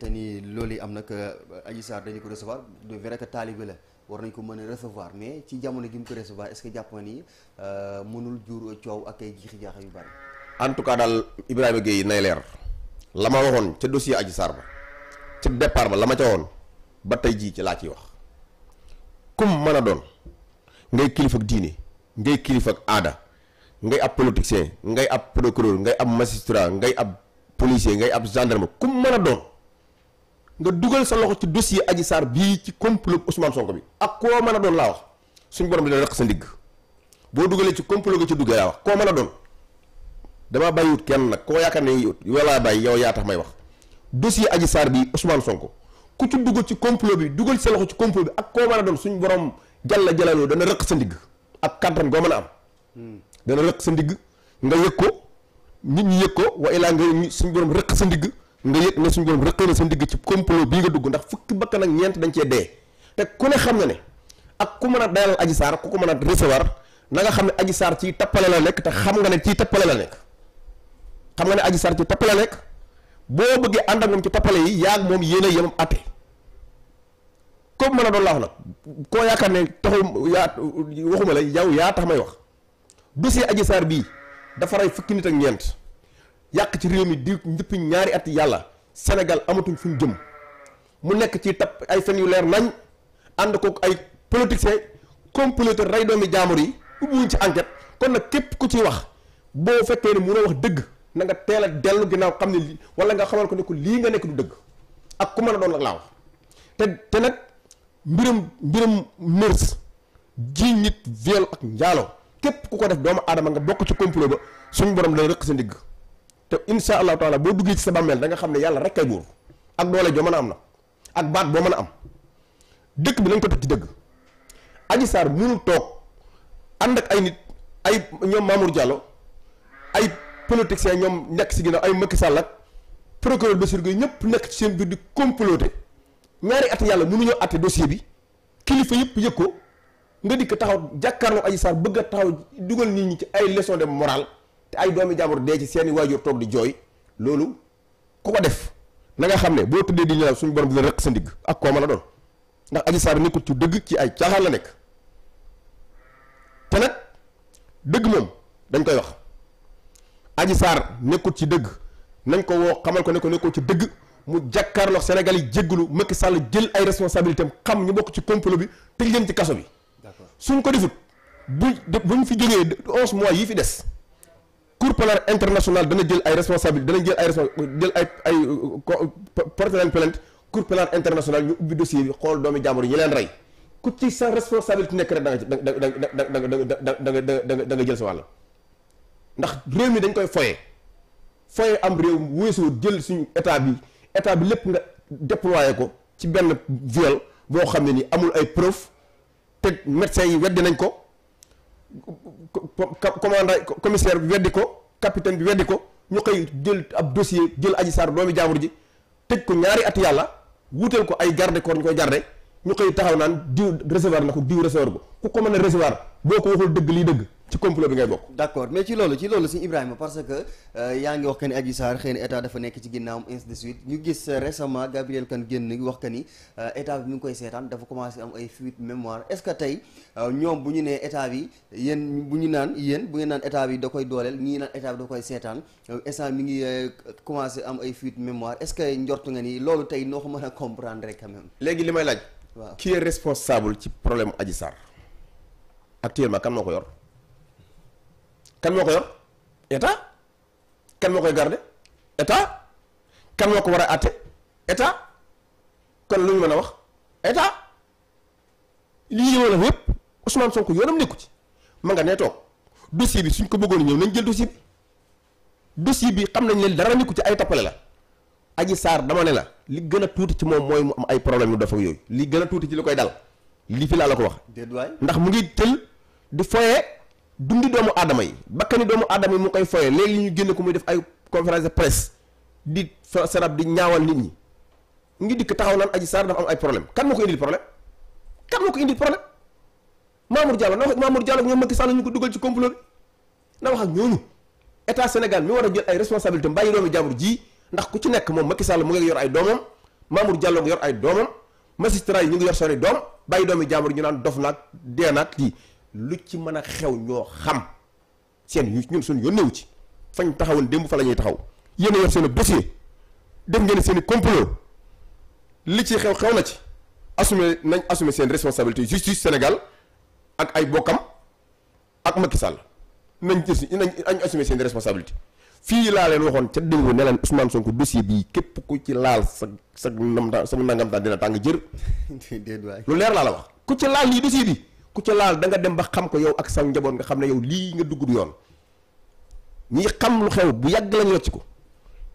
te ni loolu yi am nag euh, Adji Sarr dañu ko recevoir de vrai que taalibe la war nañ ko mën a recevoir mais ci jamono gi mu ko recevoir est-ce que jàpp euh, mënul jur coow ak ay jiixi jaaxa yu bari. en tout cas daal Ibrahima Gueye nay leer la ma waxoon ca dossier Adji Sarr ba ca départ ba la ma ca woon ba tey jii ci laa ciy wax comme mën a doon ngay kilifa ak diine ngay kilifa ak aada ngay ab politicien ngay ab procureur ngay ab magistrat ngay ab policier ngay ab gendarme comme mën doon. nga dugal sa loxo ci dossier aji saar bii ci complot Ousmane Sonko bi ak koo mën a doon laa wax suñ borom dina rëq sa ndigg boo dugalee ci complot ga ci duggee laa wax koo mën a doon damaa bàyyiwut kenn nag koo yaakaar ne yow laa yow yaa tax may wax dossier Adji Sarr bii Ousmane Sonko ku ci dugg ci complot bi dugal sa loxo ci complot bi ak koo mën doon suñ borom jàlla jàllaloo dana rëq sa ndigg ak kàttan goo mën a am. dana rëq sa ndigg nga yëg ko nit ñi yëg ko wa ilaa nga suñ borom rëq sa ndigg. nga yëg ne suñu borom rëqal na sa ndigg ci complot bii nga dugg ndax fukki bakkan ak ñeent dañ cee dee te ku ne xam na ne ak ku mën a dayalal Adji Sarr ku ko mën a recevoir na nga xam ne Adji Sarr ciy tappale la lekk te xam nga ne ciy tappale la nekk xam nga ne Adji Sarr ciy tappale la nekk boo bëggee ànd ak moom ci tappale yi yaag moom yéen a yemam atte comme mën a doon laax nag koo yaakaar ne taxul yaa waxuma la yow yaa tax may wax dossier Adji Sarr bii dafa rey fukki nit ak ñeent yàq ci réew mi di njëpp ñaari at yàlla Sénégal amatuñ fu ñu jëm mu nekk ci tap ay fen yu leer nañ ànd ko ay politiciens comploteur rey doomi jaamur yi ubbiwuñ ci enquête kon nag képp ku ci wax boo fekkee ni mënoo wax dëgg na nga teel a dellu ginnaaw xam ne lii wala nga xamal ko ne lii nga nekk du dëgg ak ku mën a doon nag laa wax te te nag mbirum mbirum mers ji nit viol ak njaalo képp ku ko def doomu aadama nga bokk ci complot ba suñu borom dana rëq sa ndigg te insha allahu taala boo duggee ci sa bàmmeel da nga xam ne yàlla rek kay buur ak doole joo mën a am na ak baat boo mën a am dëkk bi nañ ko teg ci dëgg Adji Sarr mënul toog ànd ak ay nit ay ñoom Mamour Diallo ay politiciens ñoom nekk si ginnaaw ay Macky Sall ak procureur Bassirou Guèye ñëpp nekk ci seen biir di comploter ñaari at yàlla mënuñoo atte dossier bi kilifa yëpp yëg ko nga dikk taxaw jàkkaarloo Adji Sarr bëgg a taxaw dugal nit ñi ci ay leçon de morale te ay doomi jàmbur dee ci seeni waajur toog di jooy loolu ku ko def nanga xam ne boo tëddee di nelaw suñu borom dina sa ndigg ak koo mën a doon ndax Adji Sarr nekkul ci dëgg ci ay caaxaan nekk te dëgg moom dañ koy wax Adji Sarr nekkul ci dëgg nañ ko woo xamal ko ne ko nekkul ci dëgg mu jàkkaarloo Sénégal yi jéggalu Macky Sall jël ay responsabilités am xam ñu bokk ci complot bi tëj leen ci kaso bi. suñ ko defut bu buñ fi jógee 11 mois yi fi des. Cour pénale internationale dana jël ay responsable dana jël ay jël ay ay porté leen plainte Cour pénale internationale ñu ubbi dossier bi xool doomi jàmbur yi ñu leen rey ku ci sa responsabilité nekk rek da nga da nga da nga da nga da nga jël sa wàll. ndax réew mi dañ koy foye foye am réew weesu jël suñu état bi état bi lépp nga déployé ko ci benn viol boo xam ne ni amul ay preuve te médecins yi weddi nañ ko. commandant commissaire bi weddi ko capitaine bi weddi ko ñu koy jël ab dossier jël aji saar doomi jaambur ji tëj ko ñaari at yàlla wuuteel ko ay garde corps ñu koy garde ñu koy taxaw naan diw recevoir na ko diw recevoir ko ku ko mën a recevoir boo ko waxul dëgg liy dëgg ci complot bi ngay bokk d'accord mais ci loolu ci loolu si Ibrahima parce que euh, yaa ngi wax que ni Adji Sarr xëy na état dafa nekk ci ginnaawam ainsi de suite ñu gis euh, récemment Gabriel Kane génn wax que ni euh, état bi mi ngi koy seetaan dafa commencé am ay fuite mémoire est-ce que tey ñoom bu ñu nee état bi yéen bu ñu naan yéen bu ngeen naan état bi da koy dooleel ñii naan état bi da koy seetaan instant mi ngi commencé am ay fuite mémoire est-ce que njortu nga ni loolu tey noo ko mën a comprendre rek quand li may laaj waaw qui est responsable ci problème aji saar actuellement kan moo ko yor kan moo ko yor état kan moo koy garder état kan moo ko war a àtte état kon lu ñu mën a wax état lii mën a wax yëpp Ousmane Sonko yoonam nekku ci ma nga nee toog dossier bi suñ ko bëggoon ñëw nañ jël dossier bi dossier bi xam nañ leen dara nekku ci ay tappale la Adji saar dama ne la li gën a tuuti ci moom mooy mu am ay problème yu dafa yooyu li gën a tuuti ci li koy dal li fi laa la ko wax ndax mu ngi tël di foye dundi doomu aadama yi bakkani doomu aadama yi mu koy foye léegi li ñu génn ko muy def ay conférence de di di sarab di ñaawal nit ñi ngi dikk taxaw naan Adji Sarr dafa am ay problème kan moo ko indil problème kan moo ko indil problème Mamour Diallo na wax Mamour Diallo ñoom Macky Sall ñu ko dugal ci complot bi na wax ak ñooñu état Sénégal war a jël ay responsabilité mbàyyi doomi jàmbur ji ndax ku ci nekk moom Macky Sall mu ngi yor ay doomam Mamour Diallo ngi yor ay doomam magistrat yi ñu ngi yor seeni doom bàyyi doomi jàmbur ñu naan dof naag dee nag lii lu ci mën a xew ñoo xam seen ñun suñu yónneewu ci fañ taxawoon démb fa la ñuy taxaw yéen a yor seen dossier def ngeen seen i complot li ci xew xew na ci assumer nañ assumer seen responsabilité justice Sénégal ak ay bokkam ak Macky Sall nañ jël nañ assumer seen responsabilité fii laa leen waxoon ca démb ne leen Ousmane Sonko dossier bii képp ku ci laal sa sa nam sa nangam daan dina tàng jër. lu leer laa la wax. ku ci laal lii dossier bi ku ci laal da nga dem ba xam ko yow ak sa njaboot nga xam ne yow lii nga dugg du yoon ñi xam lu xew bu yàgg lañ rocc ko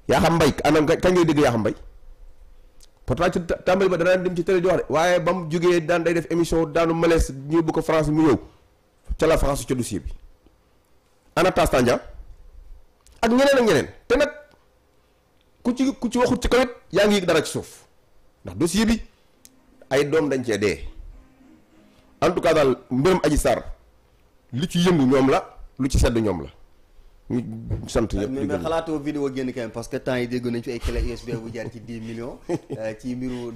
yaa xam mbay anam kañ ngay dégg yaa xam mbay. pourtant ci tàmbali ba danaa dem ci télé di wax de waaye ba mu jógee daan day def émission daanu malaise ñu bu ko France mu ñëw ca la bi ana ak ñeneen ak ñeneen te nag ku ci ku ci waxut ci kawit yaa ngi yëg dara ci suuf ndax dossier bi ay doom dañ cee dee en tout cas daal mbiram Adji Sarr lu ci yëngu ñoom la lu ci sedd ñoom la ñu sant ñëpp mais xalaatoo que temps yi déggoon nañu fi ay clé USB bu jaar ci 10 millions euh, ci mbiru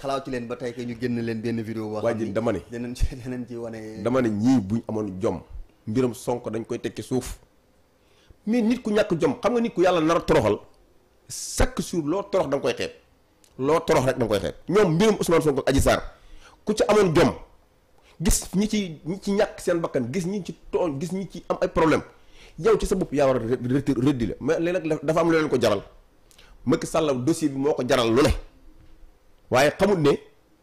xalaatu leen ba tey que ñu génn leen benn vidéo boo xam ni dama ne danañ ci danañ ci wane dama ne ñii buñ amoon jom mbiram Sonko dañ koy tekki suuf mais nit ku ñàkk jom xam nga nit ku yàlla nar a toroxal chaque jour loo torox da nga koy xeet loo torox rek da nga koy xeeb ñoom mbirum Ousmane Sonko Adji Sarr ku ci amoon jom gis ñi ci ñi ci ñàkk seen bakkan gis ñi ci tooñ gis ñi ci am ay problème yow ci sa bopp yaa war a rëddi la mais léegi nag dafa am lu ko jaral Macky Sall dossier bi moo ko jaral lu ne waaye xamut ne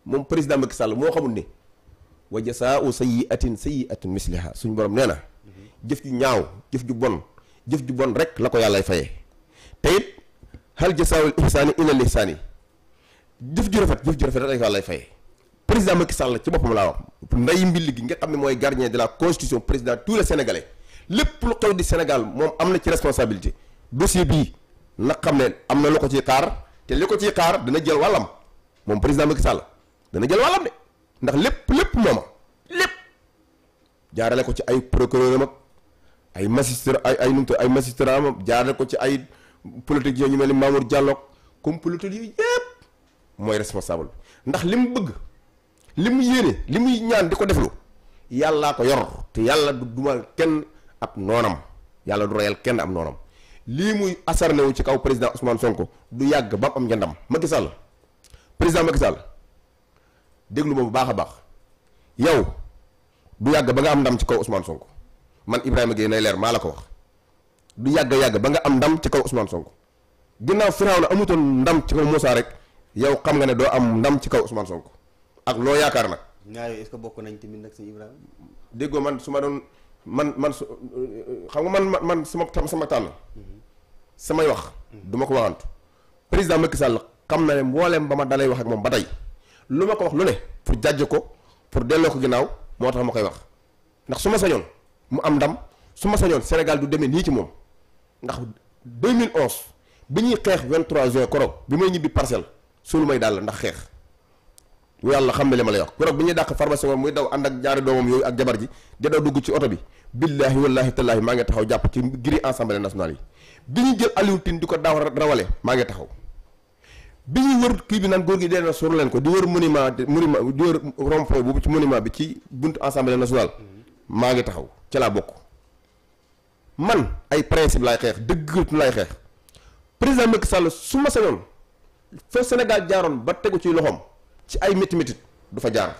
moom président Macky Sall moo xamut ne wa jasaa'u sayyi'atin sayyi'atun misliha suñu borom nee na jëf ju ñaaw jëf ju bon jëf ju bon rek la ko yàlla fayee te it hal jasaawul ihsaani ilal ihsaani jëf ju rafet jëf ju rafet rek la ko yàlla fayee président Macky Sall ci boppam laa wax nday mbill gi nga xam ne mooy gardien de la constitution président tous les sénégalais lépp lu xew di Sénégal moom am na ci responsabilité dossier bii na xam ne am na lu ko ci xaar te li ko ci xaar dana jël wàllam moom président Macky Sall dana jël wàllam de ndax lépp lépp mooma lépp jaarale ko ci ay procureur am ay magistrat ay ay numtu ay magistrat moom jaarale ko ci ay politique yooyu ñu mel ni Mamour Diallo comme politique yooyu yëpp mooy responsable ndax li mu bëgg li mu yéene li muy ñaan di ko deflu yàllaa ko yor te yàlla du dumal kenn ab noonam yàlla du royal kenn ab noonam lii muy asarne wu ci kaw président son ko du yàgg ba am njëndam Macky président Macky Sall déglu ma bu baax a baax yow du yàgg ba nga am ndam ci kaw Ousmane Sonko. man Ibrahima Gueye nay leer maa la ko wax du yàgg yàgg ba nga am ndam ci kaw Ousmane Sonko ginnaaw na amutoon ndam ci kaw Moussa rek yow xam nga ne doo am ndam ci kaw Ousmane Sonko ak loo yaakaar nag. ñaar yooyu est-ce que bokk nag si Ibrahima. déggoo man su ma doon man man su xam nga man man sama sama tànn. samay wax. du ma ko waxantu président Macky Sall xam na ne mbooleem ba ma dalay wax ak moom ba tey lu ma ko wax lu ne pour jàjj ko pour delloo ko ginnaaw moo tax ma koy wax ndax su ma sañoon. mu am ndam su ma sañoon Sénégal du demee nii ci moom ndax 2011 bi ñuy xeex 23 juin koroog bi may ñibbi parcelle solu may daal ndax xeex yàlla xam ne li ma lay wax koroog bi ñuy dàq pharmacie moom muy daw ànd ak ñaari doomam yooyu ak jabar ji di daw dugg ci oto bi billaahi wallaahi tallaahi maa ngi taxaw jàpp ci giri assemblée nationale yi bi ñu jël Alioune di ko daaw rawale maa ngi taxaw bi ñuy wër kii bi naan góor gi dee na leen ko di wër monument monument di wër rond-point boobu ci monument bi ci buntu assemblée nationale maa ngi taxaw ci laa bokk man ay principe laay xeex dëgg laay xeex président Macky Sall su ma sañoon fa Sénégal jaaroon ba tegu ci loxoom ci ay métti métti du fa jaar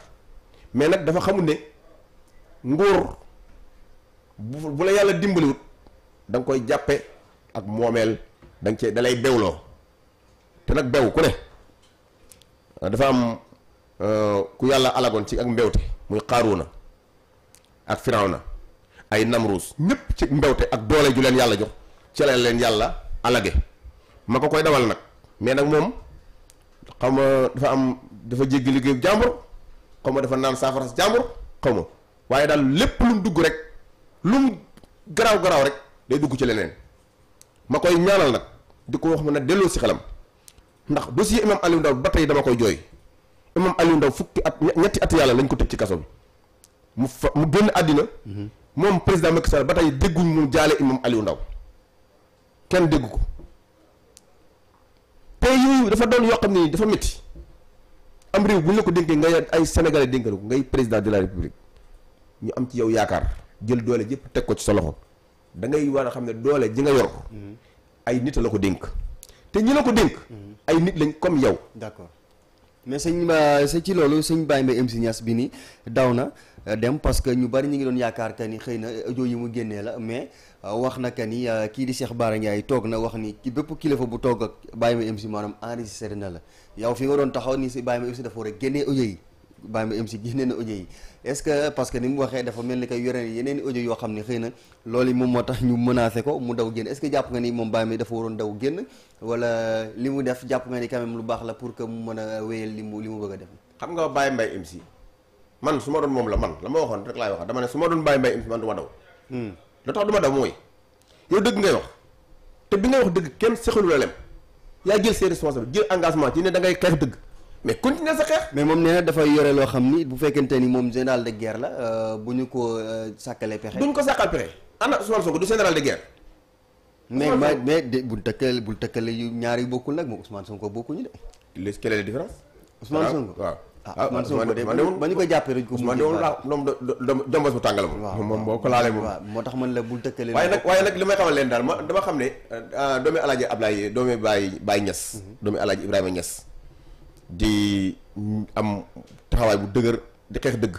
mais nag dafa xamul ne nguur bu bu la yàlla dimbaliwut da koy jàppe ak moomeel da nga dalay da bewloo te nag bew ku ne dafa am euh, ku yàlla alagoon ci ak mbewte muy xaaruuna ak na ay Namruus ñëpp ci mbewte ak doole ju leen yàlla jox ci la leen yàlla alage ma ko koy dawal nag mais nag moom xaw ma dafa am dafa jéggi liggéeyu jàmbur xaw ma dafa naan saafara jàmbur xaw ma waaye daal lépp lu dugg rek lu mu garaaw garaaw rek day dugg ci leneen ma koy ñaanal nag di ko wax mu ne delloo si xelam ndax dossier imam Aliou Ndao ba tey dama koy jooy imam Aliou Ndao fukki at ñetti at yàlla lañ ko tëj ci kaso bi. mu fa mu génn àddina. moom président Macky ba tey dégguñ mu jaale imam Aliou Ndao kenn ko pays yooyu dafa doon yoo xam ne dafa métti am réew bu ñu la ko dénkee ngay ay sénégalais dénkal ko ngay président de la ñu am ci yow yaakaar jël doole yëpp teg ko ci sa loxo da ngay war a xam ne doole ji nga yor. Mm-hmm. ay nit la ko dénk te ñi la ko dénk. Mm-hmm. ay nit lañ comme yow. d'accord. mais sëñ ba ci loolu sëñ Baye Mbaye MC Niass bi ni daw na euh, dem parce que ñu bari ñu ngi doon yaakaar que ni xëy na audio yi mu génnee la mais euh, wax na que ni euh, kii di Cheikh Bara yi toog na wax ni bépp kilifa bu toog ak baay Mbaye MC maanaam enregistré na la yow fi nga doon taxaw ni si Baye Mbaye MC dafa war génnee audio yi. Bamba MC génne na audio yi est-ce que parce que ni mu waxee dafa mel ni kay yore yeneen i yoo xam ne xëy na loolu moom moo tax ñu menacé ko mu daw génn est ni moom Bamba dafa waroon daw génn wala li mu def jàpp nga ni quand lu baax la pour que mu mën a wéyal li mu li mu bëgg a def. xam nga Baye Mbaye MC man su ma doon moom la man la ma waxoon rek laay wax dama ne su ma doon Baye Mbaye MC man du ma daw. Hmm. lu tax du ma daw mooy yow dëgg ngay wax te bi ngay wax dëgg kenn sexalu la ne da ngay xeex dëgg mais continuer sa xeex. mais moom nee na dafay yore loo xam ni bu fekkente ni moom général de guerre la euh, bu ñu ko euh, sàkkalee pexe. duñ ko sàkkal pexe ana Ousmane Sonko du général de ger mais mais mais de bul tëkkale bu tëkkale yu ñaar bokkul nag moom Ousmane Sonko bokkuñu de. léegi quelle est la différence. Ousmane Sonko waaw ah, ah Ousmane Sonko de ba ñu ko jàppee dañ ko. Ousmane de woon laaw moom dombas bu tàngala moom. waaw moom boo ko laalee moom. moo tax man la bul tëkkale. waaye nag waaye nag li may xamal leen daal ma dama xam ne euh, doomi Alaaji Ablaye doomi Baye Baye Niass. Mhm. doomi Alaaji Ibrahima Niass di am taxawaay bu dëgër di xeex dëgg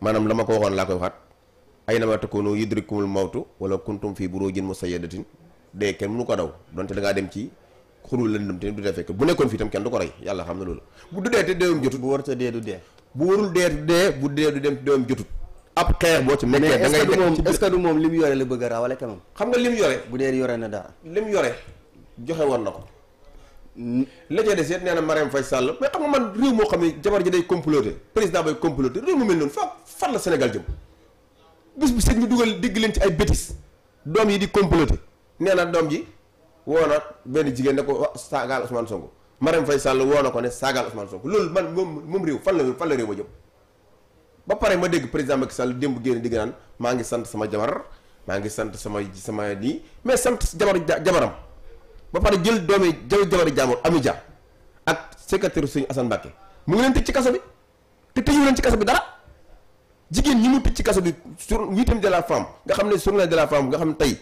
maanaam la ma ko waxoon laa koy waxaat ay na ma takunu yudrikumul mawtu wala kuntum fii jën burujin musayyadatin dee kenn mënu ko daw donte da dem ci xurul lëndëm te du dee fekk bu nekkoon fii tam kenn du ko rey yàlla xam na loolu bu du dee te deewam jotut bu war te dee du dee bu warul dee du dee bu dee du dem te deewam jotut ab xeex boo ci nekkee da ngay nekk est-ce que du moom li mu yore la bëgg a raawale quand même nga li mu yore bu dee yore na dara li mu yore joxe woon na la ca des it nee na Marème Faye Sall mais xam nga man réew moo xam ne jabar ji day comploter président bay comploter réew mu mel noonu fa fan la Sénégal jëm bis bu sëñ bi dugal dégg leen ci ay bêtises doom yi di comploter nee na doom ji woo na benn jigéen ne ko saagaal Ousmane Sonko Marème Faye Sall woo na ko ne saagaal Ousmane Sonko loolu man moom moom réew fan la fan la réew ma jëm ba pare ma dégg président Macky Sall démb génn digg naan maa ngi sant sama jabar maa ngi sant sama sama nii mais sant jabar jabaram. ba pare jël doomi jawe jabari jaamur Ami Dia ak secrétaire suñu Assane Mbacké mu ngi leen tëj ci kaso bi te tëju leen ci kaso bi dara jigéen ñi mu tëj ci kaso bi sur huitième de la femme nga xam ne journée de la femme nga xam ne tey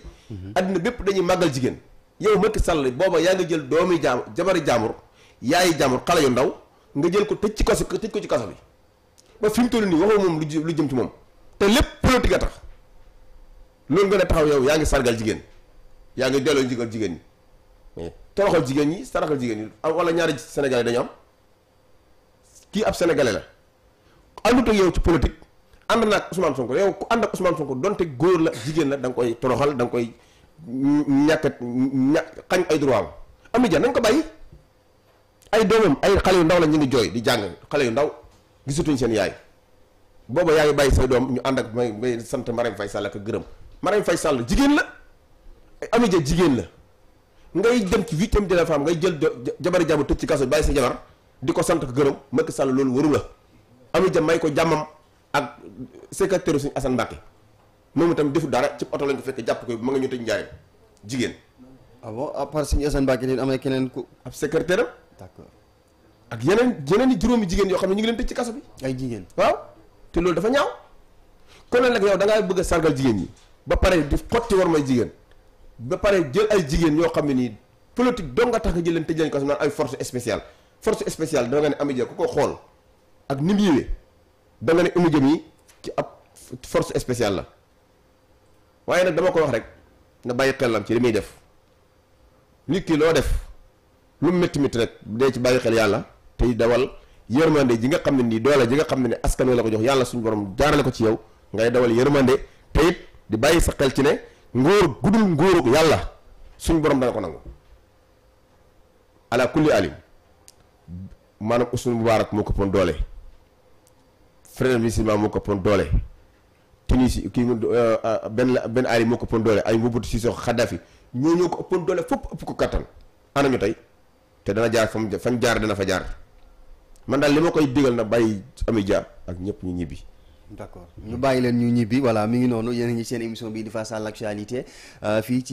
addina bépp dañuy màggal jigéen yow Macky Sall booba yaa nga jël doomi jaam jabari jaamur yaay jaamur xale yu ndaw nga jël ko tëj ci kaso tëj ko ci kaso bi ba fi mu toll nii waxoo moom lu lu jëm ci moom te lépp politique a tax loolu nga ne taxaw yow yaa ngi sargal jigéen yaa ngi delloo jigéen jigéen ñi toroxal jigéen ñi saraxal jigéen ñi ah, wala ñaari sénégalais dañu am kii ab sénégalais la àndut ak yow ci politique ànd na ak Ousmane Sonko yow ku ànd ak Ousmane Sonko donte góor la jigéen la danga koy toroxal danga koy ñàkkat ña xañ ay droit am ami ja nañ ko bàyyi ay doomam ay xale yu ndaw la ñu ngi jooy di jàng xale yu ndaw gisatuñ seen yaay booba yaa ngi bàyyi say doom ñu ànd ak may may sant Marème Faye Sall ak gërëm Marème fay sàll jigéen la ami ja jigéen la ngay dem ci huitième de la femme ngay jël jabari jàmbur tëj ci kaso bàyyi sa jabar di ko sant ko gërëm Macky Sall loolu waru la Amadou Dia may ko jàmmam ak secrétaire suñu Assane Mbacké moom itam defu dara ci oto lañ ko fekk jàpp ko ma nga ñu tëj njaayam jigéen ah bon à part suñu Assane Mbacké léen am na keneen ku ab secrétaire ak yeneen yeneen i juróomi jigéen yoo xam ne ñu ngi leen tëj ci kaso bi ay jigéen waaw te loolu dafa ñaaw kon nag yow da ngaa bëgg a sargal jigéen ñi ba pare di xotti war may jigéen ba pare jël ay jigéen ñoo xam ne nii politique dong nga tax nga jël leen tëj leen kaso naan ay force spéciale force spéciale da nga ne Amy ko xool ak ni mu yëwee ne Amy Dia yi ci ab force spéciale la waaye nag dama ko wax rek nga bàyyi xelam ci li muy def nit kii loo def lu métti métti rek dee ci bàyyi xel yàlla tey dawal yërmande ji nga xam ne nii doole ji nga xam ne askan wi la ko jox yàlla suñu borom jaarale ko ci yow ngay dawal yërmande te it di bàyyi sa xel ci ne. ngóor gudul ngóoru yàlla suñ borom dana ko nangu ala kulli alim maanaam Usman Mubarak moo ko pon doole frère bi Silma moo ko pon doole Tunisie kii euh, benn benn Ali moo ko pon doole ay Mobutu Sise Kadhafi ñoo ñoo ko ëppoon doole fopp ëpp ko kattan ana ñu tey te dana jaar fam fam jaar dana fa jaar man daal li ma koy digal na bàyyi ami jaar ak ñëpp ñu ñibbi d' accord ñu bàyyi leen ñu ñibbi voilà mi ngi noonu yéen a ngi seen émission bi di face à l' euh, fii ci